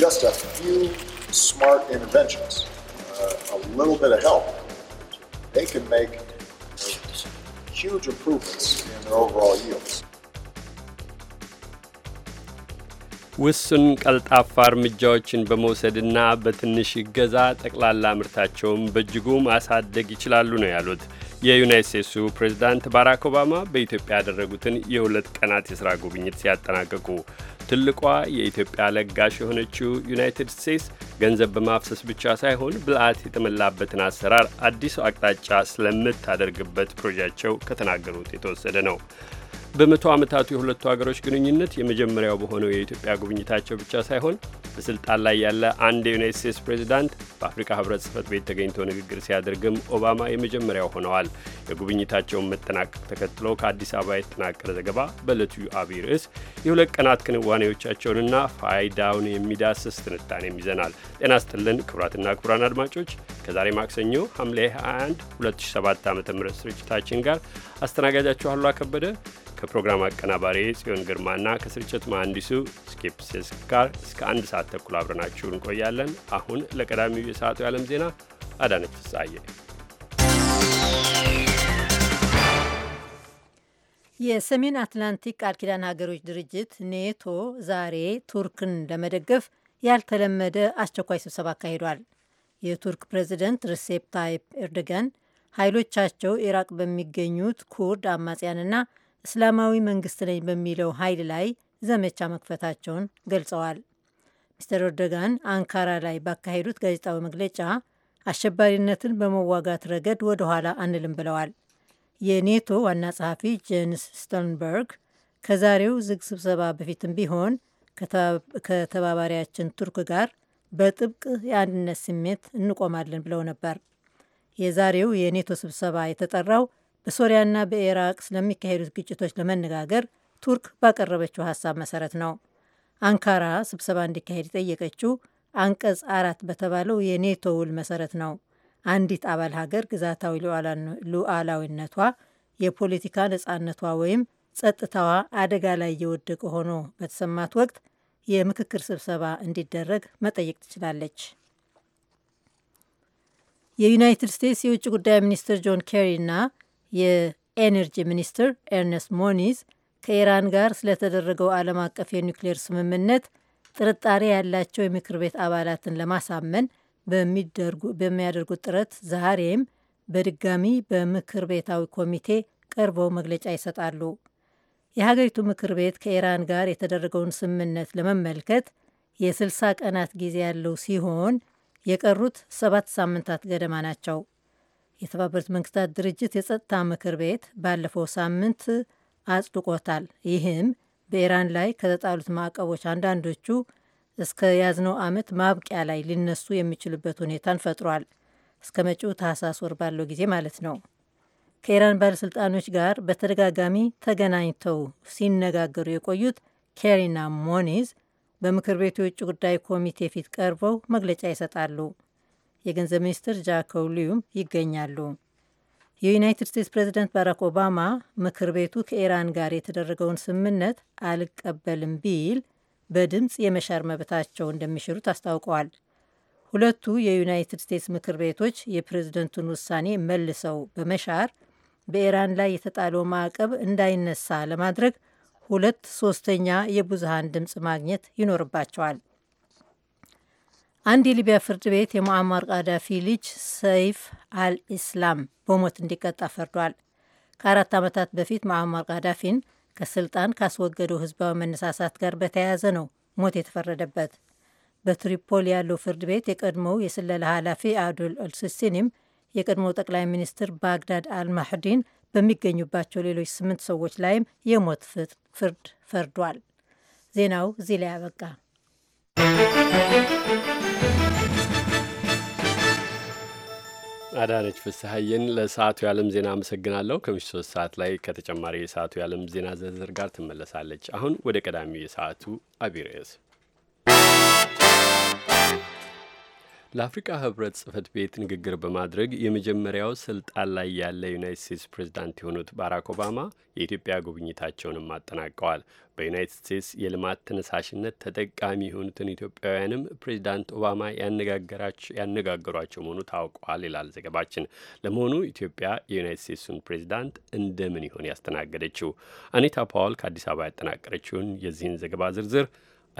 just a few smart interventions, uh, a little bit of help, they can make huge improvements in their overall yields. ውሱን ቀልጣፋ እርምጃዎችን በመውሰድና በትንሽ ይገዛ ጠቅላላ ምርታቸውን በእጅጉ ማሳደግ ይችላሉ ነው ያሉት የዩናይት ስቴትሱ ፕሬዚዳንት ባራክ ኦባማ በኢትዮጵያ ያደረጉትን የሁለት ቀናት የሥራ ጉብኝት ሲያጠናቀቁ ትልቋ የኢትዮጵያ ለጋሽ የሆነችው ዩናይትድ ስቴትስ ገንዘብ በማፍሰስ ብቻ ሳይሆን ብልአት የተመላበትን አሰራር አዲሱ አቅጣጫ ስለምታደርግበት ፕሮጃቸው ከተናገሩት የተወሰደ ነው። በመቶ ዓመታቱ የሁለቱ ሀገሮች ግንኙነት የመጀመሪያው በሆነው የኢትዮጵያ ጉብኝታቸው ብቻ ሳይሆን በስልጣን ላይ ያለ አንድ የዩናይት ስቴትስ ፕሬዚዳንት በአፍሪካ ህብረት ጽህፈት ቤት ተገኝቶ ንግግር ሲያደርግም ኦባማ የመጀመሪያው ሆነዋል። የጉብኝታቸውን መጠናቀቅ ተከትሎ ከአዲስ አበባ የተጠናቀረ ዘገባ በዕለቱ አብይ ርዕስ የሁለት ቀናት ክንዋኔዎቻቸውንና ፋይዳውን የሚዳስስ ትንታኔም ይዘናል። ጤና ስጥልን ክቡራትና ክቡራን አድማጮች ከዛሬ ማክሰኞ ሐምሌ 21 2007 ዓ ም ስርጭታችን ጋር አስተናጋጃችሁ አሉላ ከበደ ከፕሮግራም አቀናባሪ ጽዮን ግርማና ከስርጭት መሐንዲሱ ስኬፕሲስ ጋር እስከ አንድ ሰዓት ተኩል አብረናችሁ እንቆያለን። አሁን ለቀዳሚው የሰዓቱ የዓለም ዜና አዳነች ጻየ። የሰሜን አትላንቲክ ቃል ኪዳን ሀገሮች ድርጅት ኔቶ ዛሬ ቱርክን ለመደገፍ ያልተለመደ አስቸኳይ ስብሰባ አካሂዷል። የቱርክ ፕሬዚደንት ሪሴፕ ታይፕ ኤርዶጋን ኃይሎቻቸው ኢራቅ በሚገኙት ኩርድ አማጽያንና እስላማዊ መንግስት ነኝ በሚለው ኃይል ላይ ዘመቻ መክፈታቸውን ገልጸዋል። ሚስተር ኤርዶጋን አንካራ ላይ ባካሄዱት ጋዜጣዊ መግለጫ አሸባሪነትን በመዋጋት ረገድ ወደ ኋላ አንልም ብለዋል። የኔቶ ዋና ጸሐፊ ጄንስ ስቶንበርግ ከዛሬው ዝግ ስብሰባ በፊትም ቢሆን ከተባባሪያችን ቱርክ ጋር በጥብቅ የአንድነት ስሜት እንቆማለን ብለው ነበር። የዛሬው የኔቶ ስብሰባ የተጠራው በሶሪያና በኢራቅ ስለሚካሄዱት ግጭቶች ለመነጋገር ቱርክ ባቀረበችው ሀሳብ መሰረት ነው። አንካራ ስብሰባ እንዲካሄድ የጠየቀችው አንቀጽ አራት በተባለው የኔቶ ውል መሰረት ነው። አንዲት አባል ሀገር ግዛታዊ ሉዓላዊነቷ፣ የፖለቲካ ነጻነቷ ወይም ጸጥታዋ አደጋ ላይ እየወደቀ ሆኖ በተሰማት ወቅት የምክክር ስብሰባ እንዲደረግ መጠየቅ ትችላለች። የዩናይትድ ስቴትስ የውጭ ጉዳይ ሚኒስትር ጆን ኬሪ እና የኤነርጂ ሚኒስትር ኤርነስት ሞኒዝ ከኢራን ጋር ስለተደረገው ዓለም አቀፍ የኒውክሌር ስምምነት ጥርጣሬ ያላቸው የምክር ቤት አባላትን ለማሳመን በሚያደርጉት ጥረት ዛሬም በድጋሚ በምክር ቤታዊ ኮሚቴ ቀርበው መግለጫ ይሰጣሉ። የሀገሪቱ ምክር ቤት ከኢራን ጋር የተደረገውን ስምምነት ለመመልከት የ60 ቀናት ጊዜ ያለው ሲሆን የቀሩት ሰባት ሳምንታት ገደማ ናቸው። የተባበሩት መንግስታት ድርጅት የጸጥታ ምክር ቤት ባለፈው ሳምንት አጽድቆታል። ይህም በኢራን ላይ ከተጣሉት ማዕቀቦች አንዳንዶቹ እስከ ያዝነው ዓመት ማብቂያ ላይ ሊነሱ የሚችሉበት ሁኔታን ፈጥሯል። እስከ መጪው ታህሳስ ወር ባለው ጊዜ ማለት ነው። ከኢራን ባለሥልጣኖች ጋር በተደጋጋሚ ተገናኝተው ሲነጋገሩ የቆዩት ኬሪና ሞኒዝ በምክር ቤቱ የውጭ ጉዳይ ኮሚቴ ፊት ቀርበው መግለጫ ይሰጣሉ። የገንዘብ ሚኒስትር ጃክ ሊዩም ይገኛሉ። የዩናይትድ ስቴትስ ፕሬዚደንት ባራክ ኦባማ ምክር ቤቱ ከኢራን ጋር የተደረገውን ስምምነት አልቀበልም ቢል በድምፅ የመሻር መብታቸው እንደሚሽሩት አስታውቀዋል። ሁለቱ የዩናይትድ ስቴትስ ምክር ቤቶች የፕሬዝደንቱን ውሳኔ መልሰው በመሻር በኢራን ላይ የተጣለው ማዕቀብ እንዳይነሳ ለማድረግ ሁለት ሶስተኛ የብዙሃን ድምፅ ማግኘት ይኖርባቸዋል። አንድ የሊቢያ ፍርድ ቤት የሙአማር ቃዳፊ ልጅ ሰይፍ አልኢስላም በሞት እንዲቀጣ ፈርዷል። ከአራት ዓመታት በፊት ሙአማር ቃዳፊን ከስልጣን ካስወገደው ህዝባዊ መነሳሳት ጋር በተያያዘ ነው ሞት የተፈረደበት። በትሪፖል ያለው ፍርድ ቤት የቀድሞው የስለላ ኃላፊ አብዱል አልሲሲኒም የቀድሞው ጠቅላይ ሚኒስትር ባግዳድ አልማህዲን በሚገኙባቸው ሌሎች ስምንት ሰዎች ላይም የሞት ፍርድ ፈርዷል። ዜናው እዚህ ላይ ያበቃ። አዳነች ፍስሐዬን ለሰዓቱ የዓለም ዜና አመሰግናለሁ። ከምሽቱ ሶስት ሰዓት ላይ ከተጨማሪ የሰዓቱ የዓለም ዜና ዝርዝር ጋር ትመለሳለች። አሁን ወደ ቀዳሚው የሰዓቱ አቢይ ርዕስ ለአፍሪካ ህብረት ጽህፈት ቤት ንግግር በማድረግ የመጀመሪያው ስልጣን ላይ ያለ ዩናይት ስቴትስ ፕሬዚዳንት የሆኑት ባራክ ኦባማ የኢትዮጵያ ጉብኝታቸውንም አጠናቀዋል። በዩናይት ስቴትስ የልማት ተነሳሽነት ተጠቃሚ የሆኑትን ኢትዮጵያውያንም ፕሬዚዳንት ኦባማ ያነጋገሯቸው መሆኑ ታውቋል ይላል ዘገባችን። ለመሆኑ ኢትዮጵያ የዩናይት ስቴትሱን ፕሬዚዳንት እንደምን ይሆን ያስተናገደችው? አኒታ ፓውል ከአዲስ አበባ ያጠናቀረችውን የዚህን ዘገባ ዝርዝር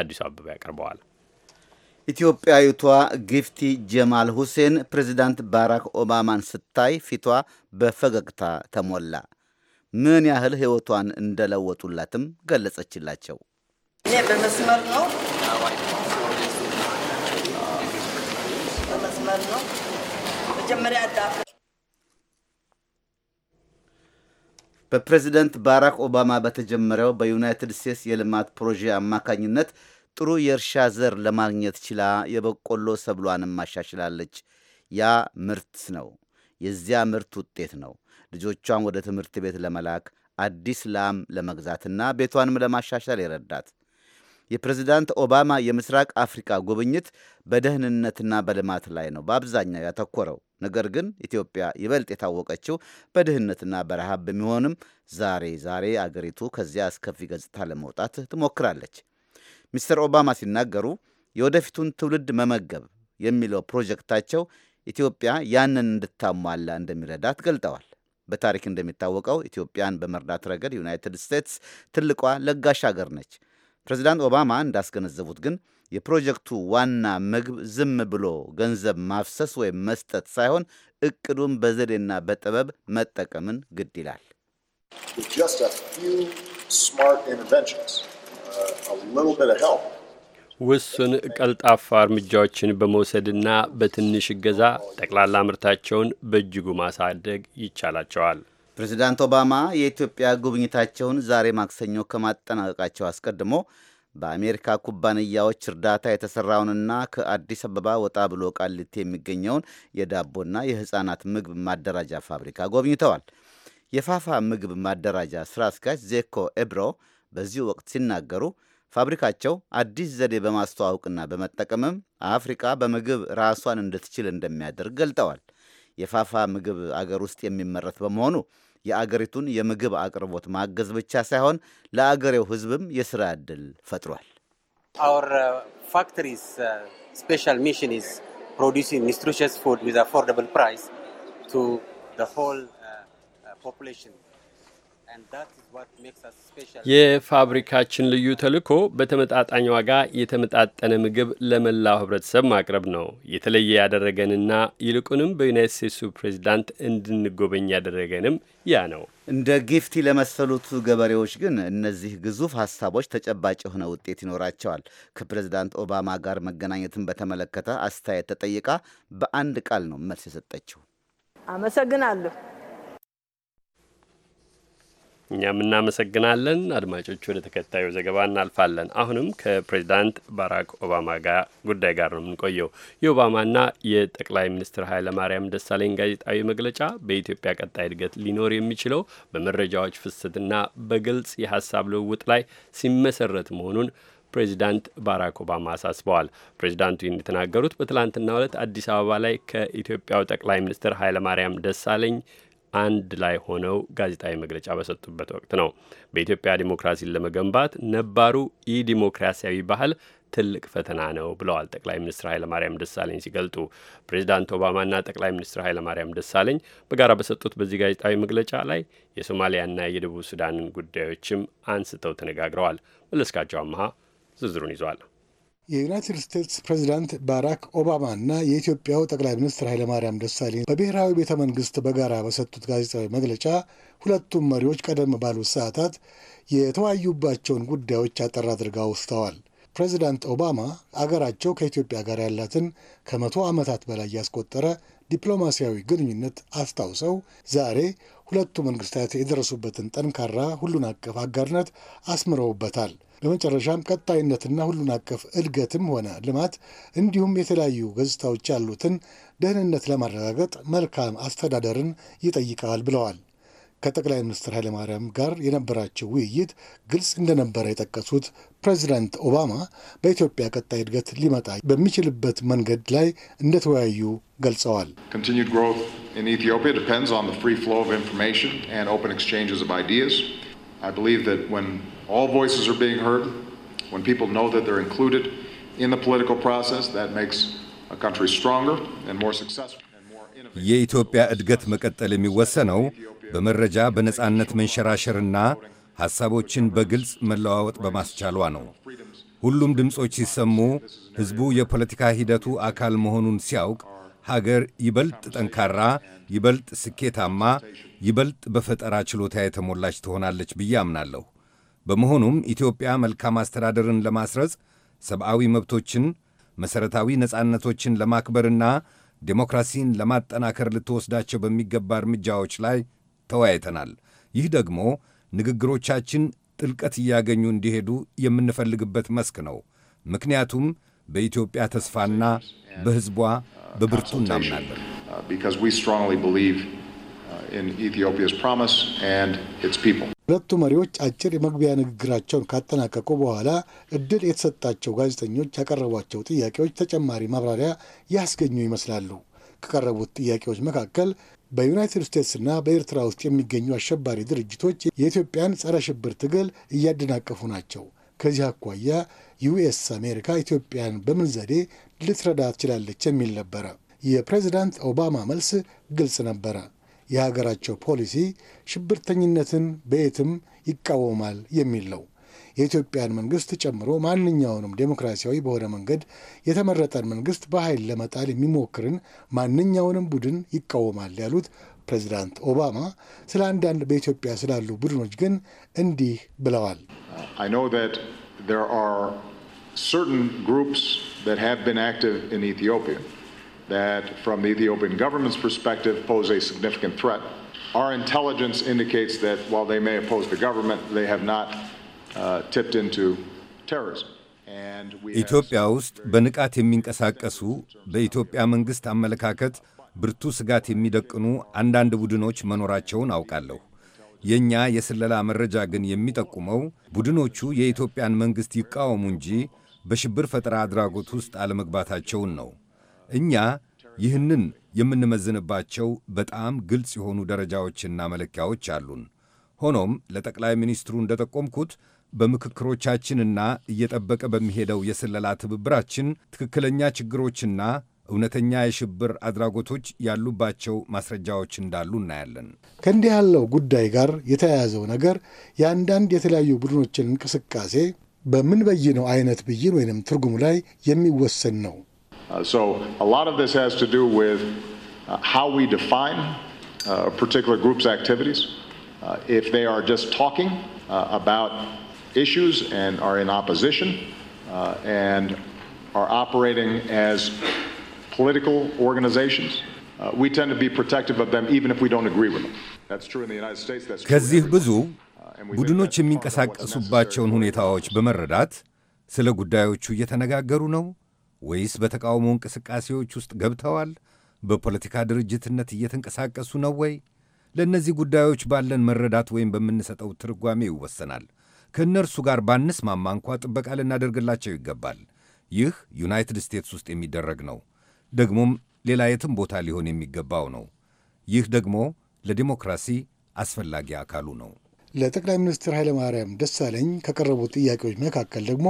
አዲሱ አበባ ያቀርበዋል። ኢትዮጵያዊቷ ግፍቲ ጀማል ሁሴን ፕሬዚዳንት ባራክ ኦባማን ስታይ ፊቷ በፈገግታ ተሞላ። ምን ያህል ሕይወቷን እንደለወጡላትም ገለጸችላቸው። እኔ በመስመር ነው በመስመር ነው መጀመሪያ በፕሬዚደንት ባራክ ኦባማ በተጀመረው በዩናይትድ ስቴትስ የልማት ፕሮጀክት አማካኝነት ጥሩ የእርሻ ዘር ለማግኘት ችላ የበቆሎ ሰብሏንም ማሻሽላለች። ያ ምርት ነው፣ የዚያ ምርት ውጤት ነው። ልጆቿን ወደ ትምህርት ቤት ለመላክ አዲስ ላም ለመግዛትና ቤቷንም ለማሻሻል የረዳት የፕሬዚዳንት ኦባማ የምስራቅ አፍሪካ ጉብኝት በደህንነትና በልማት ላይ ነው በአብዛኛው ያተኮረው። ነገር ግን ኢትዮጵያ ይበልጥ የታወቀችው በድህነትና በረሃብ በሚሆንም ዛሬ ዛሬ አገሪቱ ከዚያ አስከፊ ገጽታ ለመውጣት ትሞክራለች። ሚስተር ኦባማ ሲናገሩ የወደፊቱን ትውልድ መመገብ የሚለው ፕሮጀክታቸው ኢትዮጵያ ያንን እንድታሟላ እንደሚረዳት ገልጠዋል። በታሪክ እንደሚታወቀው ኢትዮጵያን በመርዳት ረገድ ዩናይትድ ስቴትስ ትልቋ ለጋሽ አገር ነች። ፕሬዚዳንት ኦባማ እንዳስገነዘቡት ግን የፕሮጀክቱ ዋና ምግብ ዝም ብሎ ገንዘብ ማፍሰስ ወይም መስጠት ሳይሆን እቅዱን በዘዴና በጥበብ መጠቀምን ግድ ይላል። ውሱን ቀልጣፋ እርምጃዎችን በመውሰድና በትንሽ እገዛ ጠቅላላ ምርታቸውን በእጅጉ ማሳደግ ይቻላቸዋል። ፕሬዚዳንት ኦባማ የኢትዮጵያ ጉብኝታቸውን ዛሬ ማክሰኞ ከማጠናቀቃቸው አስቀድሞ በአሜሪካ ኩባንያዎች እርዳታ የተሰራውንና ከአዲስ አበባ ወጣ ብሎ ቃሊቲ የሚገኘውን የዳቦና የሕፃናት ምግብ ማደራጃ ፋብሪካ ጎብኝተዋል። የፋፋ ምግብ ማደራጃ ስራ አስኪያጅ ዜኮ ኤብሮ በዚህ ወቅት ሲናገሩ ፋብሪካቸው አዲስ ዘዴ በማስተዋወቅና በመጠቀምም አፍሪካ በምግብ ራሷን እንድትችል እንደሚያደርግ ገልጠዋል። የፋፋ ምግብ አገር ውስጥ የሚመረት በመሆኑ የአገሪቱን የምግብ አቅርቦት ማገዝ ብቻ ሳይሆን ለአገሬው ሕዝብም የስራ ዕድል ፈጥሯል። uh, የፋብሪካችን ልዩ ተልእኮ በተመጣጣኝ ዋጋ የተመጣጠነ ምግብ ለመላው ህብረተሰብ ማቅረብ ነው። የተለየ ያደረገንና ይልቁንም በዩናይት ስቴትሱ ፕሬዚዳንት እንድንጎበኝ ያደረገንም ያ ነው። እንደ ጊፍቲ ለመሰሉት ገበሬዎች ግን እነዚህ ግዙፍ ሀሳቦች ተጨባጭ የሆነ ውጤት ይኖራቸዋል። ከፕሬዚዳንት ኦባማ ጋር መገናኘትን በተመለከተ አስተያየት ተጠይቃ በአንድ ቃል ነው መልስ የሰጠችው። አመሰግናለሁ እኛም እናመሰግናለን። አድማጮች ወደ ተከታዩ ዘገባ እናልፋለን። አሁንም ከፕሬዚዳንት ባራክ ኦባማ ጋር ጉዳይ ጋር ነው የምንቆየው። የኦባማና የጠቅላይ ሚኒስትር ኃይለማርያም ደሳለኝ ጋዜጣዊ መግለጫ በኢትዮጵያ ቀጣይ እድገት ሊኖር የሚችለው በመረጃዎች ፍሰትና በግልጽ የሀሳብ ልውውጥ ላይ ሲመሰረት መሆኑን ፕሬዚዳንት ባራክ ኦባማ አሳስበዋል። ፕሬዚዳንቱ ይህን የተናገሩት በትላንትናው ዕለት አዲስ አበባ ላይ ከኢትዮጵያው ጠቅላይ ሚኒስትር ኃይለማርያም ደሳለኝ አንድ ላይ ሆነው ጋዜጣዊ መግለጫ በሰጡበት ወቅት ነው። በኢትዮጵያ ዲሞክራሲን ለመገንባት ነባሩ ኢዲሞክራሲያዊ ባህል ትልቅ ፈተና ነው ብለዋል ጠቅላይ ሚኒስትር ኃይለማርያም ደሳለኝ ሲገልጡ። ፕሬዚዳንት ኦባማና ጠቅላይ ሚኒስትር ኃይለማርያም ደሳለኝ በጋራ በሰጡት በዚህ ጋዜጣዊ መግለጫ ላይ የሶማሊያና የደቡብ ሱዳንን ጉዳዮችም አንስተው ተነጋግረዋል። መለስካቸው አመሃ ዝርዝሩን ይዟል። የዩናይትድ ስቴትስ ፕሬዚዳንት ባራክ እና የኢትዮጵያው ጠቅላይ ሚኒስትር ኃይለማርያም ደሳለኝ በብሔራዊ ቤተ መንግስት በጋራ በሰጡት ጋዜጣዊ መግለጫ ሁለቱም መሪዎች ቀደም ባሉት ሰዓታት የተወያዩባቸውን ጉዳዮች አጠር አድርገው አውስተዋል። ፕሬዚዳንት ኦባማ አገራቸው ከኢትዮጵያ ጋር ያላትን ከመቶ ዓመታት በላይ ያስቆጠረ ዲፕሎማሲያዊ ግንኙነት አስታውሰው ዛሬ ሁለቱ መንግስታት የደረሱበትን ጠንካራ ሁሉን አቀፍ አጋርነት አስምረውበታል። በመጨረሻም ቀጣይነትና ሁሉን አቀፍ እድገትም ሆነ ልማት እንዲሁም የተለያዩ ገጽታዎች ያሉትን ደህንነት ለማረጋገጥ መልካም አስተዳደርን ይጠይቃል ብለዋል። ከጠቅላይ ሚኒስትር ኃይለማርያም ጋር የነበራቸው ውይይት ግልጽ እንደነበረ የጠቀሱት ፕሬዚዳንት ኦባማ በኢትዮጵያ ቀጣይ እድገት ሊመጣ በሚችልበት መንገድ ላይ እንደተወያዩ ገልጸዋል። ኢትዮጵያ All voices are being heard. When people know that they're included in the political process, that makes a country stronger and more successful. የኢትዮጵያ እድገት መቀጠል የሚወሰነው በመረጃ በነጻነት መንሸራሸርና ሐሳቦችን በግልጽ መለዋወጥ በማስቻሏ ነው። ሁሉም ድምፆች ሲሰሙ ሕዝቡ የፖለቲካ ሂደቱ አካል መሆኑን ሲያውቅ ሀገር ይበልጥ ጠንካራ፣ ይበልጥ ስኬታማ፣ ይበልጥ በፈጠራ ችሎታ የተሞላች ትሆናለች ብዬ አምናለሁ። በመሆኑም ኢትዮጵያ መልካም አስተዳደርን ለማስረጽ ሰብአዊ መብቶችን፣ መሠረታዊ ነጻነቶችን ለማክበርና ዴሞክራሲን ለማጠናከር ልትወስዳቸው በሚገባ እርምጃዎች ላይ ተወያይተናል። ይህ ደግሞ ንግግሮቻችን ጥልቀት እያገኙ እንዲሄዱ የምንፈልግበት መስክ ነው። ምክንያቱም በኢትዮጵያ ተስፋና በሕዝቧ በብርቱ እናምናለን። Uh, ሁለቱ መሪዎች አጭር የመግቢያ ንግግራቸውን ካጠናቀቁ በኋላ እድል የተሰጣቸው ጋዜጠኞች ያቀረቧቸው ጥያቄዎች ተጨማሪ ማብራሪያ ያስገኙ ይመስላሉ። ከቀረቡት ጥያቄዎች መካከል በዩናይትድ ስቴትስና በኤርትራ ውስጥ የሚገኙ አሸባሪ ድርጅቶች የኢትዮጵያን ጸረ ሽብር ትግል እያደናቀፉ ናቸው። ከዚህ አኳያ ዩኤስ አሜሪካ ኢትዮጵያን በምን ዘዴ ልትረዳ ትችላለች የሚል ነበረ። የፕሬዚዳንት ኦባማ መልስ ግልጽ ነበረ። የሀገራቸው ፖሊሲ ሽብርተኝነትን በየትም ይቃወማል የሚል ነው። የኢትዮጵያን መንግስት ጨምሮ ማንኛውንም ዴሞክራሲያዊ በሆነ መንገድ የተመረጠን መንግስት በኃይል ለመጣል የሚሞክርን ማንኛውንም ቡድን ይቃወማል ያሉት ፕሬዚዳንት ኦባማ ስለ አንዳንድ በኢትዮጵያ ስላሉ ቡድኖች ግን እንዲህ ብለዋል። ር ር ኢትዮጵያ? that, from the Ethiopian government's perspective, pose a significant threat. Our intelligence indicates that while they may oppose the government, they have not uh, tipped into terrorism. ኢትዮጵያ ውስጥ በንቃት የሚንቀሳቀሱ በኢትዮጵያ መንግሥት አመለካከት ብርቱ ስጋት የሚደቅኑ አንዳንድ ቡድኖች መኖራቸውን አውቃለሁ። የእኛ የስለላ መረጃ ግን የሚጠቁመው ቡድኖቹ የኢትዮጵያን መንግሥት ይቃወሙ እንጂ በሽብር ፈጠራ አድራጎት ውስጥ አለመግባታቸውን ነው። እኛ ይህንን የምንመዝንባቸው በጣም ግልጽ የሆኑ ደረጃዎችና መለኪያዎች አሉን። ሆኖም ለጠቅላይ ሚኒስትሩ እንደጠቆምኩት በምክክሮቻችንና እየጠበቀ በሚሄደው የስለላ ትብብራችን ትክክለኛ ችግሮችና እውነተኛ የሽብር አድራጎቶች ያሉባቸው ማስረጃዎች እንዳሉ እናያለን። ከእንዲህ ያለው ጉዳይ ጋር የተያያዘው ነገር የአንዳንድ የተለያዩ ቡድኖችን እንቅስቃሴ በምንበይነው አይነት ብይን ወይንም ትርጉሙ ላይ የሚወሰን ነው። Uh, so a lot of this has to do with uh, how we define a uh, particular group's activities. Uh, if they are just talking about issues and are in opposition and are operating as political organizations, we tend to be protective of them even if we don't agree with them. That's true in the United States. That's true ቡድኖች የሚንቀሳቀሱባቸውን ሁኔታዎች በመረዳት ስለ ጉዳዮቹ እየተነጋገሩ ነው ወይስ በተቃውሞ እንቅስቃሴዎች ውስጥ ገብተዋል? በፖለቲካ ድርጅትነት እየተንቀሳቀሱ ነው ወይ? ለእነዚህ ጉዳዮች ባለን መረዳት ወይም በምንሰጠው ትርጓሜ ይወሰናል። ከእነርሱ ጋር ባንስማማ እንኳ ጥበቃ ልናደርግላቸው ይገባል። ይህ ዩናይትድ ስቴትስ ውስጥ የሚደረግ ነው፣ ደግሞም ሌላ የትም ቦታ ሊሆን የሚገባው ነው። ይህ ደግሞ ለዲሞክራሲ አስፈላጊ አካሉ ነው። ለጠቅላይ ሚኒስትር ኃይለማርያም ደሳለኝ ከቀረቡት ጥያቄዎች መካከል ደግሞ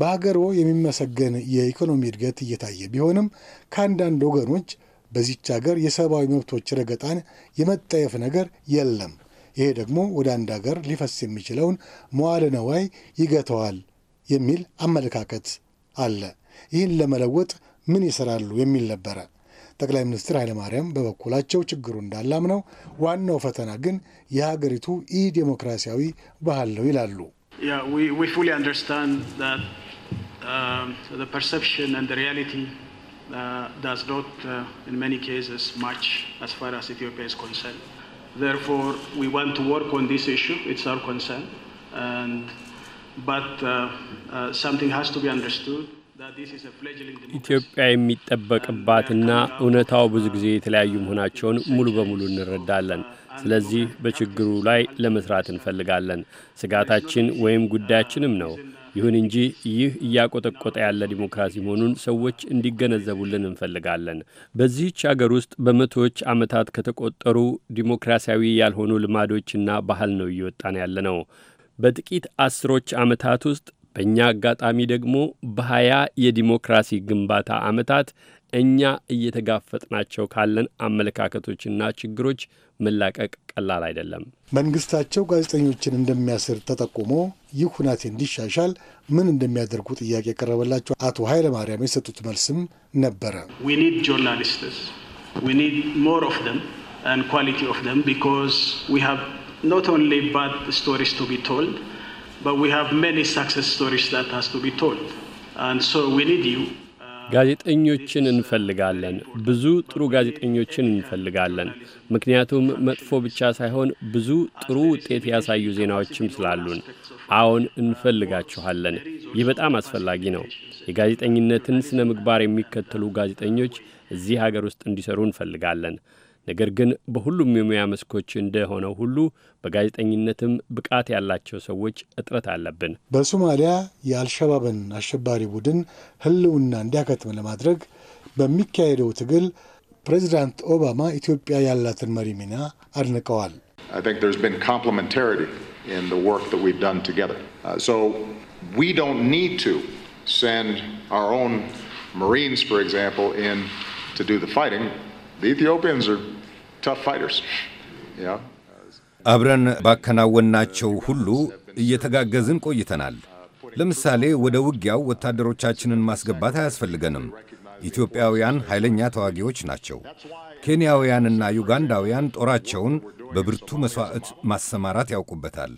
በሀገሮ የሚመሰገን የኢኮኖሚ እድገት እየታየ ቢሆንም ከአንዳንድ ወገኖች በዚች ሀገር የሰብአዊ መብቶች ረገጣን የመጠየፍ ነገር የለም፣ ይሄ ደግሞ ወደ አንድ ሀገር ሊፈስ የሚችለውን መዋለ ነዋይ ይገተዋል የሚል አመለካከት አለ። ይህን ለመለወጥ ምን ይሰራሉ የሚል ነበረ። ጠቅላይ ሚኒስትር ኃይለማርያም በበኩላቸው ችግሩ እንዳላምነው ዋናው ፈተና ግን የሀገሪቱ ኢ ዴሞክራሲያዊ ባህል ነው ይላሉ። Yeah, we, we fully understand that um, the perception and the reality uh, does not, uh, in many cases, match as far as Ethiopia is concerned. Therefore, we want to work on this issue. It's our concern. And, but uh, uh something has to be understood. ኢትዮጵያ የሚጠበቅባትና እውነታው ብዙ ጊዜ የተለያዩ መሆናቸውን ሙሉ በሙሉ እንረዳለን። ስለዚህ በችግሩ ላይ ለመስራት እንፈልጋለን። ስጋታችን ወይም ጉዳያችንም ነው። ይሁን እንጂ ይህ እያቆጠቆጠ ያለ ዲሞክራሲ መሆኑን ሰዎች እንዲገነዘቡልን እንፈልጋለን። በዚህች አገር ውስጥ በመቶዎች ዓመታት ከተቆጠሩ ዲሞክራሲያዊ ያልሆኑ ልማዶችና ባህል ነው እየወጣን ያለ ነው። በጥቂት አስሮች ዓመታት ውስጥ በእኛ አጋጣሚ ደግሞ በሀያ የዲሞክራሲ ግንባታ ዓመታት እኛ እየተጋፈጥናቸው ካለን አመለካከቶችና ችግሮች መላቀቅ ቀላል አይደለም። መንግስታቸው ጋዜጠኞችን እንደሚያስር ተጠቁሞ ይህ ሁናቴ እንዲሻሻል ምን እንደሚያደርጉ ጥያቄ የቀረበላቸው አቶ ኃይለ ማርያም የሰጡት መልስም ነበረ። ጆርናሊስትስ ጋዜጠኞችን እንፈልጋለን። ብዙ ጥሩ ጋዜጠኞችን እንፈልጋለን። ምክንያቱም መጥፎ ብቻ ሳይሆን ብዙ ጥሩ ውጤት ያሳዩ ዜናዎችም ስላሉን፣ አዎን እንፈልጋችኋለን። ይህ በጣም አስፈላጊ ነው። የጋዜጠኝነትን ስነ ምግባር የሚከተሉ ጋዜጠኞች እዚህ ሀገር ውስጥ እንዲሰሩ እንፈልጋለን። ነገር ግን በሁሉም የሙያ መስኮች እንደሆነው ሁሉ በጋዜጠኝነትም ብቃት ያላቸው ሰዎች እጥረት አለብን። በሶማሊያ የአልሸባብን አሸባሪ ቡድን ሕልውና እንዲያከትም ለማድረግ በሚካሄደው ትግል ፕሬዚዳንት ኦባማ ኢትዮጵያ ያላትን መሪ ሚና አድንቀዋል። ማሪንስ አብረን ባከናወናቸው ሁሉ እየተጋገዝን ቆይተናል። ለምሳሌ ወደ ውጊያው ወታደሮቻችንን ማስገባት አያስፈልገንም። ኢትዮጵያውያን ኃይለኛ ተዋጊዎች ናቸው። ኬንያውያንና ዩጋንዳውያን ጦራቸውን በብርቱ መሥዋዕት ማሰማራት ያውቁበታል።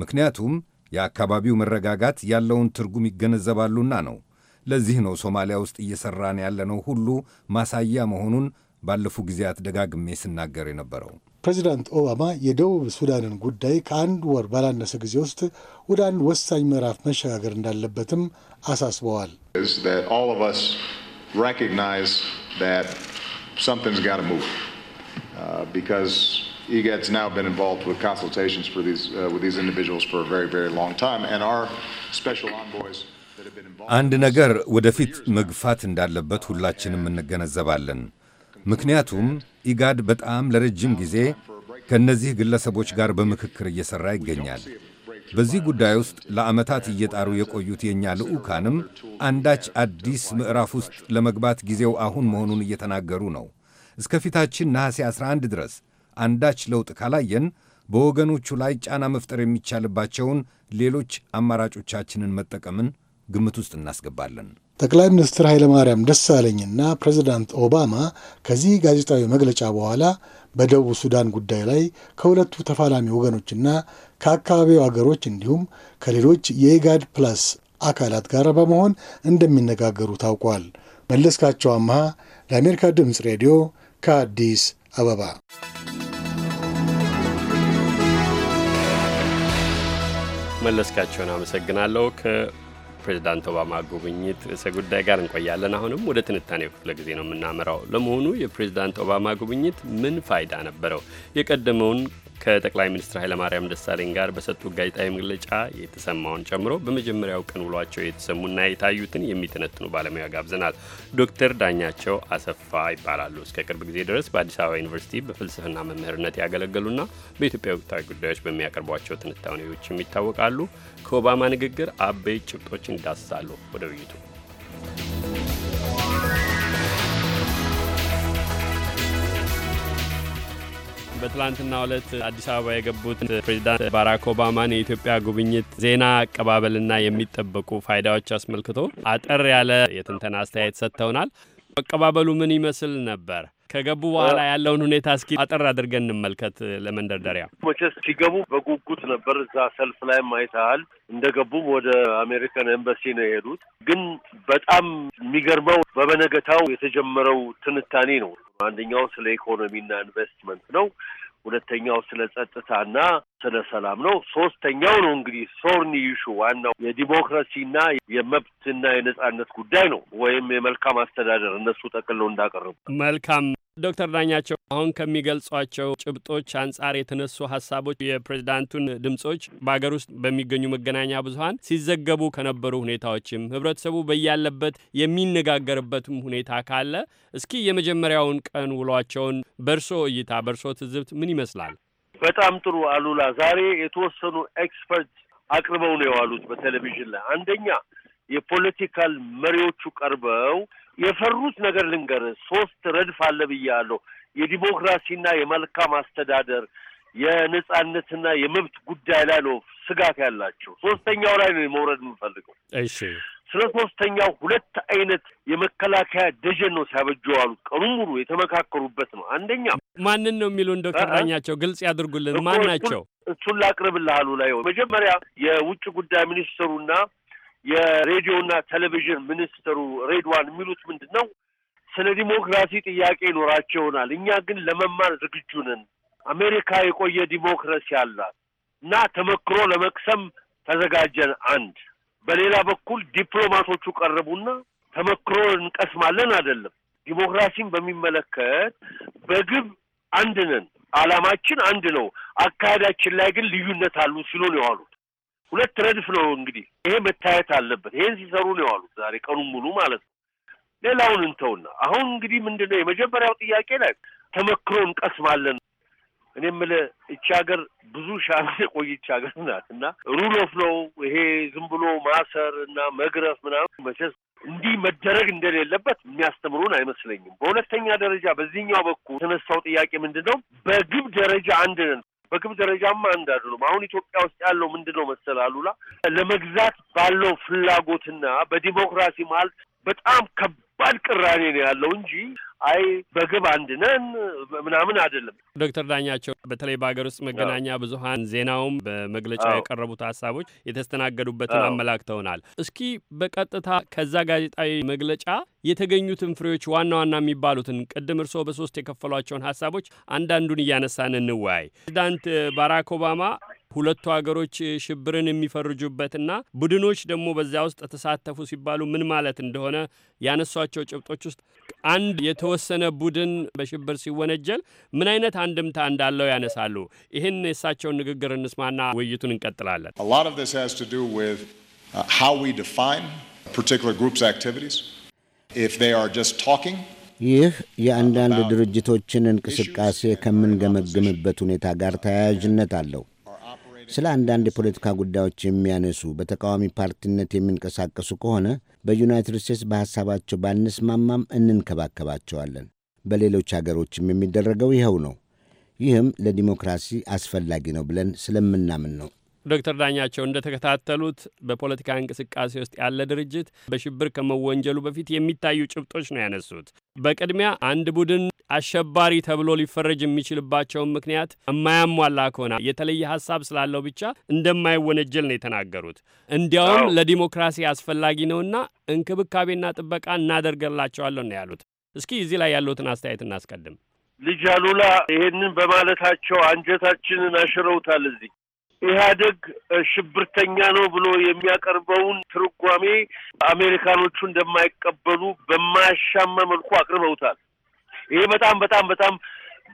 ምክንያቱም የአካባቢው መረጋጋት ያለውን ትርጉም ይገነዘባሉና ነው። ለዚህ ነው ሶማሊያ ውስጥ እየሠራን ያለነው ሁሉ ማሳያ መሆኑን ባለፉ ጊዜያት ደጋግሜ ስናገር የነበረው። ፕሬዚዳንት ኦባማ የደቡብ ሱዳንን ጉዳይ ከአንድ ወር ባላነሰ ጊዜ ውስጥ ወደ አንድ ወሳኝ ምዕራፍ መሸጋገር እንዳለበትም አሳስበዋል። uh, e e uh, አንድ ነገር ወደፊት መግፋት እንዳለበት ሁላችንም እንገነዘባለን። ምክንያቱም ኢጋድ በጣም ለረጅም ጊዜ ከእነዚህ ግለሰቦች ጋር በምክክር እየሠራ ይገኛል። በዚህ ጉዳይ ውስጥ ለዓመታት እየጣሩ የቆዩት የእኛ ልዑካንም አንዳች አዲስ ምዕራፍ ውስጥ ለመግባት ጊዜው አሁን መሆኑን እየተናገሩ ነው። እስከ ፊታችን ነሐሴ 11 ድረስ አንዳች ለውጥ ካላየን በወገኖቹ ላይ ጫና መፍጠር የሚቻልባቸውን ሌሎች አማራጮቻችንን መጠቀምን ግምት ውስጥ እናስገባለን። ጠቅላይ ሚኒስትር ኃይለማርያም ደሳለኝና ፕሬዚዳንት ኦባማ ከዚህ ጋዜጣዊ መግለጫ በኋላ በደቡብ ሱዳን ጉዳይ ላይ ከሁለቱ ተፋላሚ ወገኖችና ከአካባቢው አገሮች እንዲሁም ከሌሎች የኢጋድ ፕላስ አካላት ጋር በመሆን እንደሚነጋገሩ ታውቋል። መለስካቸው አምሃ ለአሜሪካ ድምፅ ሬዲዮ ከአዲስ አበባ መለስካቸውን አመሰግናለሁ። ፕሬዚዳንት ኦባማ ጉብኝት ርዕሰ ጉዳይ ጋር እንቆያለን። አሁንም ወደ ትንታኔው ክፍለ ጊዜ ነው የምናመራው። ለመሆኑ የፕሬዚዳንት ኦባማ ጉብኝት ምን ፋይዳ ነበረው? የቀደመውን ከጠቅላይ ሚኒስትር ኃይለማርያም ደሳለኝ ጋር በሰጡት ጋዜጣዊ መግለጫ የተሰማውን ጨምሮ በመጀመሪያው ቀን ውሏቸው የተሰሙና የታዩትን የሚተነትኑ ባለሙያ ጋብዘናል። ዶክተር ዳኛቸው አሰፋ ይባላሉ። እስከ ቅርብ ጊዜ ድረስ በአዲስ አበባ ዩኒቨርሲቲ በፍልስፍና መምህርነት ያገለገሉና በኢትዮጵያ ወቅታዊ ጉዳዮች በሚያቀርቧቸው ትንታኔዎችም ይታወቃሉ። ከኦባማ ንግግር አበይት ጭብጦችን ይዳስሳሉ። ወደ ውይይቱ በትላንትና ዕለት አዲስ አበባ የገቡት ፕሬዚዳንት ባራክ ኦባማን የኢትዮጵያ ጉብኝት ዜና አቀባበልና የሚጠበቁ ፋይዳዎች አስመልክቶ አጠር ያለ የትንተና አስተያየት ሰጥተውናል። አቀባበሉ ምን ይመስል ነበር? ከገቡ በኋላ ያለውን ሁኔታ እስኪ አጠር አድርገን እንመልከት። ለመንደርደሪያ መቼስ ሲገቡ በጉጉት ነበር። እዛ ሰልፍ ላይ አይተሃል። እንደ ገቡም ወደ አሜሪካን ኤምባሲ ነው የሄዱት። ግን በጣም የሚገርመው በበነገታው የተጀመረው ትንታኔ ነው። አንደኛው ስለ ኢኮኖሚና ኢንቨስትመንት ነው። ሁለተኛው ስለ ጸጥታና ስለ ሰላም ነው። ሶስተኛው ነው እንግዲህ ሶርኒ ይሹ ዋናው የዲሞክራሲና የመብትና የነጻነት ጉዳይ ነው፣ ወይም የመልካም አስተዳደር እነሱ ጠቅለው እንዳቀረቡ መልካም ዶክተር ዳኛቸው አሁን ከሚገልጿቸው ጭብጦች አንጻር የተነሱ ሀሳቦች የፕሬዚዳንቱን ድምጾች በሀገር ውስጥ በሚገኙ መገናኛ ብዙኃን ሲዘገቡ ከነበሩ ሁኔታዎችም ህብረተሰቡ በያለበት የሚነጋገርበትም ሁኔታ ካለ እስኪ የመጀመሪያውን ቀን ውሏቸውን በእርሶ እይታ በእርሶ ትዝብት ምን ይመስላል? በጣም ጥሩ አሉላ። ዛሬ የተወሰኑ ኤክስፐርት አቅርበው ነው የዋሉት በቴሌቪዥን ላይ አንደኛ የፖለቲካል መሪዎቹ ቀርበው የፈሩት ነገር ልንገር፣ ሶስት ረድፍ አለ ብያለሁ። የዲሞክራሲና የመልካም አስተዳደር የነጻነትና የመብት ጉዳይ ላይ ነው ስጋት ያላቸው። ሶስተኛው ላይ ነው መውረድ የምንፈልገው። እሺ፣ ስለ ሶስተኛው ሁለት አይነት የመከላከያ ደጀን ነው ሲያበጁ አሉት። ቀኑ ሙሉ የተመካከሩበት ነው። አንደኛ ማንን ነው የሚሉን ዶክተር ዳኛቸው ግልጽ ያድርጉልን። ማን ናቸው? እሱን ላቅርብልሃሉ ላይ መጀመሪያ የውጭ ጉዳይ ሚኒስትሩና የሬዲዮና ቴሌቪዥን ሚኒስትሩ ሬድዋን የሚሉት ምንድን ነው? ስለ ዲሞክራሲ ጥያቄ ይኖራቸውናል። እኛ ግን ለመማር ዝግጁ ነን። አሜሪካ የቆየ ዲሞክራሲ አላት እና ተመክሮ ለመቅሰም ተዘጋጀን። አንድ በሌላ በኩል ዲፕሎማቶቹ ቀረቡና ተመክሮ እንቀስማለን አይደለም። ዲሞክራሲን በሚመለከት በግብ አንድ ነን፣ አላማችን አንድ ነው፣ አካሄዳችን ላይ ግን ልዩነት አሉ ሲሉ ነው የዋሉት። ሁለት ረድፍ ነው እንግዲህ ይሄ መታየት አለበት። ይሄን ሲሰሩ ነው የዋሉት ዛሬ ቀኑን ሙሉ ማለት ነው። ሌላውን እንተውና አሁን እንግዲህ ምንድን ነው የመጀመሪያው ጥያቄ ላይ ተመክሮ እንቀስማለን። እኔ የምልህ እቺ ሀገር ብዙ ሺህ የቆየች ሀገር ናት እና ሩል ኦፍ ነው ይሄ ዝም ብሎ ማሰር እና መግረፍ ምናምን መቼስ እንዲህ መደረግ እንደሌለበት የሚያስተምሩን አይመስለኝም። በሁለተኛ ደረጃ በዚህኛው በኩል የተነሳው ጥያቄ ምንድን ነው በግብ ደረጃ አንድ ነን በግብ ደረጃማ አንድ አይደሉም። አሁን ኢትዮጵያ ውስጥ ያለው ምንድን ነው መሰል አሉላ ለመግዛት ባለው ፍላጎትና በዲሞክራሲ መሀል በጣም ከብ ከባድ ቅራኔ ነው ያለው እንጂ አይ በግብ አንድ ነን ምናምን አይደለም። ዶክተር ዳኛቸው በተለይ በሀገር ውስጥ መገናኛ ብዙኃን ዜናውም በመግለጫ የቀረቡት ሀሳቦች የተስተናገዱበትን አመላክተውናል። እስኪ በቀጥታ ከዛ ጋዜጣዊ መግለጫ የተገኙትን ፍሬዎች ዋና ዋና የሚባሉትን ቅድም እርስዎ በሶስት የከፈሏቸውን ሀሳቦች አንዳንዱን እያነሳን እንወያይ። ፕሬዚዳንት ባራክ ኦባማ ሁለቱ ሀገሮች ሽብርን የሚፈርጁበትና ቡድኖች ደግሞ በዚያ ውስጥ ተሳተፉ ሲባሉ ምን ማለት እንደሆነ ያነሷቸው ጭብጦች ውስጥ አንድ የተወሰነ ቡድን በሽብር ሲወነጀል ምን አይነት አንድምታ እንዳለው ያነሳሉ። ይህን የእሳቸውን ንግግር እንስማና ውይይቱን እንቀጥላለን። uh, ይህ የአንዳንድ ድርጅቶችን እንቅስቃሴ ከምንገመግምበት ሁኔታ ጋር ተያያዥነት አለው። ስለ አንዳንድ የፖለቲካ ጉዳዮች የሚያነሱ በተቃዋሚ ፓርቲነት የሚንቀሳቀሱ ከሆነ በዩናይትድ ስቴትስ በሐሳባቸው ባንስማማም እንንከባከባቸዋለን። በሌሎች አገሮችም የሚደረገው ይኸው ነው። ይህም ለዲሞክራሲ አስፈላጊ ነው ብለን ስለምናምን ነው። ዶክተር ዳኛቸው እንደተከታተሉት በፖለቲካ እንቅስቃሴ ውስጥ ያለ ድርጅት በሽብር ከመወንጀሉ በፊት የሚታዩ ጭብጦች ነው ያነሱት። በቅድሚያ አንድ ቡድን አሸባሪ ተብሎ ሊፈረጅ የሚችልባቸውን ምክንያት የማያሟላ ከሆነ የተለየ ሀሳብ ስላለው ብቻ እንደማይወነጀል ነው የተናገሩት። እንዲያውም ለዲሞክራሲ አስፈላጊ ነውና እንክብካቤና ጥበቃ እናደርገላቸዋለን ነው ያሉት። እስኪ እዚህ ላይ ያለሁትን አስተያየት እናስቀድም። ልጅ አሉላ ይሄንን በማለታቸው አንጀታችንን አሽረውታል። እዚህ ኢህአደግ ሽብርተኛ ነው ብሎ የሚያቀርበውን ትርጓሜ አሜሪካኖቹ እንደማይቀበሉ በማያሻማ መልኩ አቅርበውታል። ይሄ በጣም በጣም በጣም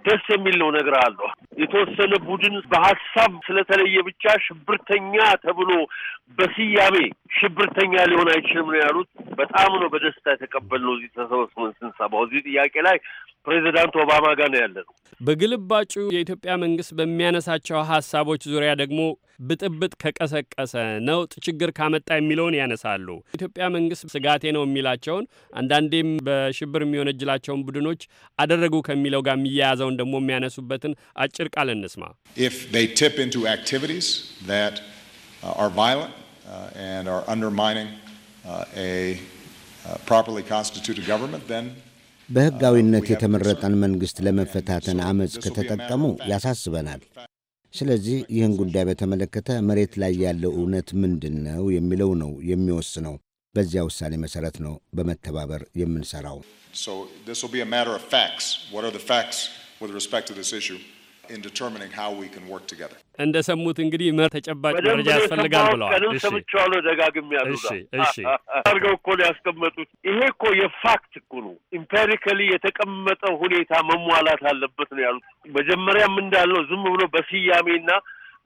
ደስ የሚል ነው። ነገር አለው የተወሰነ ቡድን በሀሳብ ስለተለየ ብቻ ሽብርተኛ ተብሎ በስያሜ ሽብርተኛ ሊሆን አይችልም ነው ያሉት። በጣም ነው በደስታ የተቀበልነው እዚህ ተሰበስበን ስንሰማው። እዚህ ጥያቄ ላይ ፕሬዚዳንት ኦባማ ጋር ነው ያለ ነው። በግልባጩ የኢትዮጵያ መንግስት በሚያነሳቸው ሀሳቦች ዙሪያ ደግሞ ብጥብጥ ከቀሰቀሰ ነውጥ ችግር ካመጣ የሚለውን ያነሳሉ። ኢትዮጵያ መንግስት ስጋቴ ነው የሚላቸውን አንዳንዴም በሽብር የሚወነጅላቸውን ቡድኖች አደረጉ ከሚለው ጋር የሚያያዘውን ደግሞ የሚያነሱበትን አጭር ቃል እንስማ። ፕሮፐርሊ ኮንስቲቱትድ ገቨርንመንት በሕጋዊነት የተመረጠን መንግሥት ለመፈታተን ዐመፅ ከተጠቀሙ ያሳስበናል። ስለዚህ ይህን ጉዳይ በተመለከተ መሬት ላይ ያለው እውነት ምንድን ነው የሚለው ነው የሚወስነው። በዚያ ውሳኔ መሠረት ነው በመተባበር የምንሠራው። እንደ ሰሙት እንግዲህ መር ተጨባጭ መረጃ ያስፈልጋል ብለዋል። ሰምቼዋለሁ ደጋግሜ ያሉ አድርገው እኮ ነው ያስቀመጡት። ይሄ እኮ የፋክት እኮ ነው፣ ኢምፔሪካሊ የተቀመጠ ሁኔታ መሟላት አለበት ነው ያሉት። መጀመሪያም እንዳለው ዝም ብሎ በስያሜና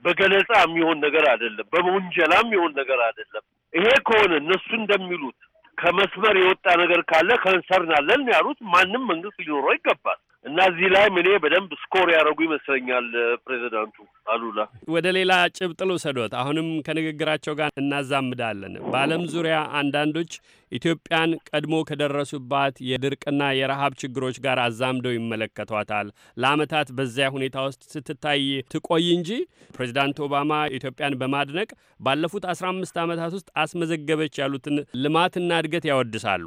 በገለጻ የሚሆን ነገር አይደለም፣ በመውንጀላ የሚሆን ነገር አይደለም። ይሄ ከሆነ እነሱ እንደሚሉት ከመስመር የወጣ ነገር ካለ ከንሰርናለን ያሉት ማንም መንግስት ሊኖረው ይገባል። እና እዚህ ላይም እኔ በደንብ ስኮር ያደረጉ ይመስለኛል ፕሬዚዳንቱ። አሉላ ወደ ሌላ ጭብጥ ልውሰዶት። አሁንም ከንግግራቸው ጋር እናዛምዳለን። በዓለም ዙሪያ አንዳንዶች ኢትዮጵያን ቀድሞ ከደረሱባት የድርቅና የረሃብ ችግሮች ጋር አዛምደው ይመለከቷታል። ለአመታት በዚያ ሁኔታ ውስጥ ስትታይ ትቆይ እንጂ ፕሬዚዳንት ኦባማ ኢትዮጵያን በማድነቅ ባለፉት አስራ አምስት ዓመታት ውስጥ አስመዘገበች ያሉትን ልማትና እድገት ያወድሳሉ።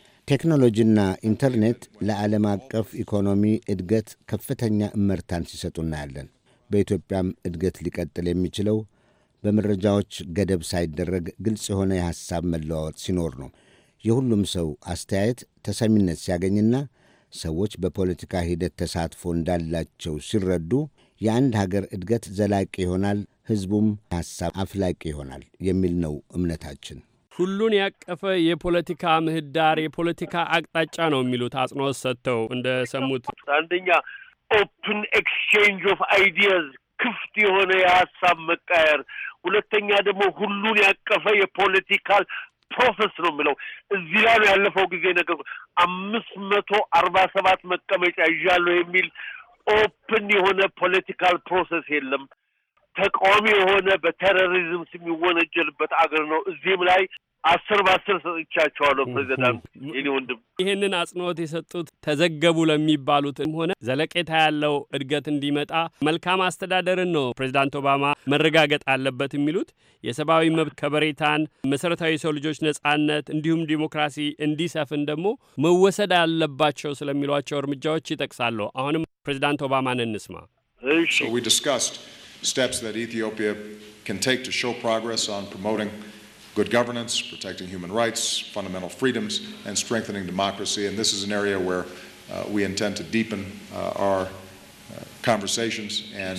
ቴክኖሎጂና ኢንተርኔት ለዓለም አቀፍ ኢኮኖሚ እድገት ከፍተኛ እመርታን ሲሰጡ እናያለን። በኢትዮጵያም እድገት ሊቀጥል የሚችለው በመረጃዎች ገደብ ሳይደረግ ግልጽ የሆነ የሐሳብ መለዋወጥ ሲኖር ነው። የሁሉም ሰው አስተያየት ተሰሚነት ሲያገኝና ሰዎች በፖለቲካ ሂደት ተሳትፎ እንዳላቸው ሲረዱ የአንድ ሀገር እድገት ዘላቂ ይሆናል፣ ሕዝቡም ሐሳብ አፍላቂ ይሆናል የሚል ነው እምነታችን። ሁሉን ያቀፈ የፖለቲካ ምህዳር፣ የፖለቲካ አቅጣጫ ነው የሚሉት አጽንኦት ሰጥተው እንደ ሰሙት አንደኛ ኦፕን ኤክስቼንጅ ኦፍ አይዲያዝ ክፍት የሆነ የሀሳብ መቃየር፣ ሁለተኛ ደግሞ ሁሉን ያቀፈ የፖለቲካል ፕሮሰስ ነው የሚለው እዚህ ላይ ነው ያለፈው ጊዜ ነገር አምስት መቶ አርባ ሰባት መቀመጫ ይዣለሁ የሚል ኦፕን የሆነ ፖለቲካል ፕሮሰስ የለም። ተቃዋሚ የሆነ በቴሮሪዝም የሚወነጀልበት አገር ነው። እዚህም ላይ አስር በአስር ሰጥቻቸዋለሁ። ፕሬዚዳንት ኔ ወንድም ይህንን አጽንኦት የሰጡት ተዘገቡ ለሚባሉትም ሆነ ዘለቄታ ያለው እድገት እንዲመጣ መልካም አስተዳደርን ነው ፕሬዚዳንት ኦባማ መረጋገጥ አለበት የሚሉት የሰብአዊ መብት ከበሬታን፣ መሰረታዊ የሰው ልጆች ነጻነት እንዲሁም ዲሞክራሲ እንዲሰፍን ደግሞ መወሰድ አለባቸው ስለሚሏቸው እርምጃዎች ይጠቅሳሉ። አሁንም ፕሬዚዳንት ኦባማን እንስማ። እሺ steps that Ethiopia can take to show progress on promoting good governance, protecting human rights, fundamental freedoms, and strengthening democracy. And this is an area where uh, we intend to deepen uh, our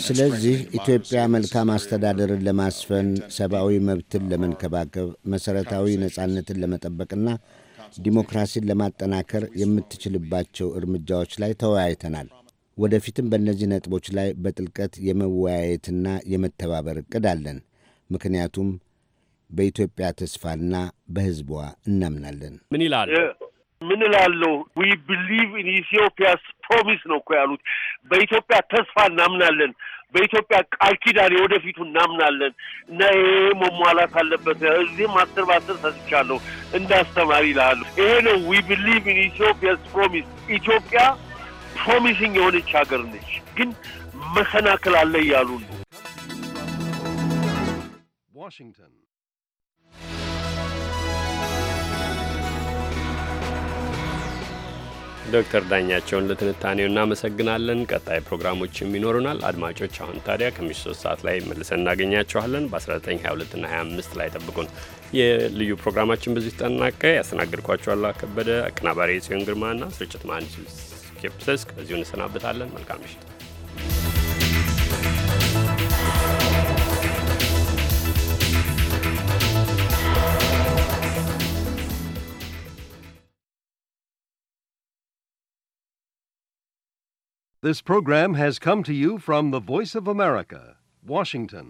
ስለዚህ ኢትዮጵያ መልካም አስተዳደርን ለማስፈን ሰብአዊ መብትን ለመንከባከብ መሠረታዊ ነጻነትን ለመጠበቅና ዲሞክራሲን ለማጠናከር የምትችልባቸው እርምጃዎች ላይ ተወያይተናል። ወደፊትም በእነዚህ ነጥቦች ላይ በጥልቀት የመወያየትና የመተባበር እቅድ አለን። ምክንያቱም በኢትዮጵያ ተስፋና በሕዝቧ እናምናለን። ምን ይላል? ምን እላለሁ? ዊ ብሊቭ ኢን ኢትዮጵያስ ፕሮሚስ ነው እኮ ያሉት። በኢትዮጵያ ተስፋ እናምናለን፣ በኢትዮጵያ ቃል ኪዳን የወደፊቱ እናምናለን እና ይሄ መሟላት አለበት። እዚህም አስር በአስር ሰጥቻለሁ እንዳስተማሪ ይላሉ። ይሄ ነው ዊ ብሊቭ ኢን ኢትዮጵያስ ፕሮሚስ ኢትዮጵያ ፕሮሚሲንግ የሆነች ሀገር ነች፣ ግን መሰናክል አለ እያሉ ዋሽንግተን ዶክተር ዳኛቸውን ለትንታኔው እናመሰግናለን። ቀጣይ ፕሮግራሞችም ይኖሩናል። አድማጮች አሁን ታዲያ ከምሽቱ ሶስት ሰዓት ላይ መልሰን እናገኛችኋለን። በ1922 እና 25 ላይ ጠብቁን። የልዩ ፕሮግራማችን በዚህ ተጠናቀ። ያስተናግድኳቸኋላ ከበደ፣ አቀናባሪ ጽዮን ግርማና ስርጭት መሀንዲሱ በዚሁ እንሰናበታለን። መልካም ምሽት። This program has come to you from the Voice of America, Washington.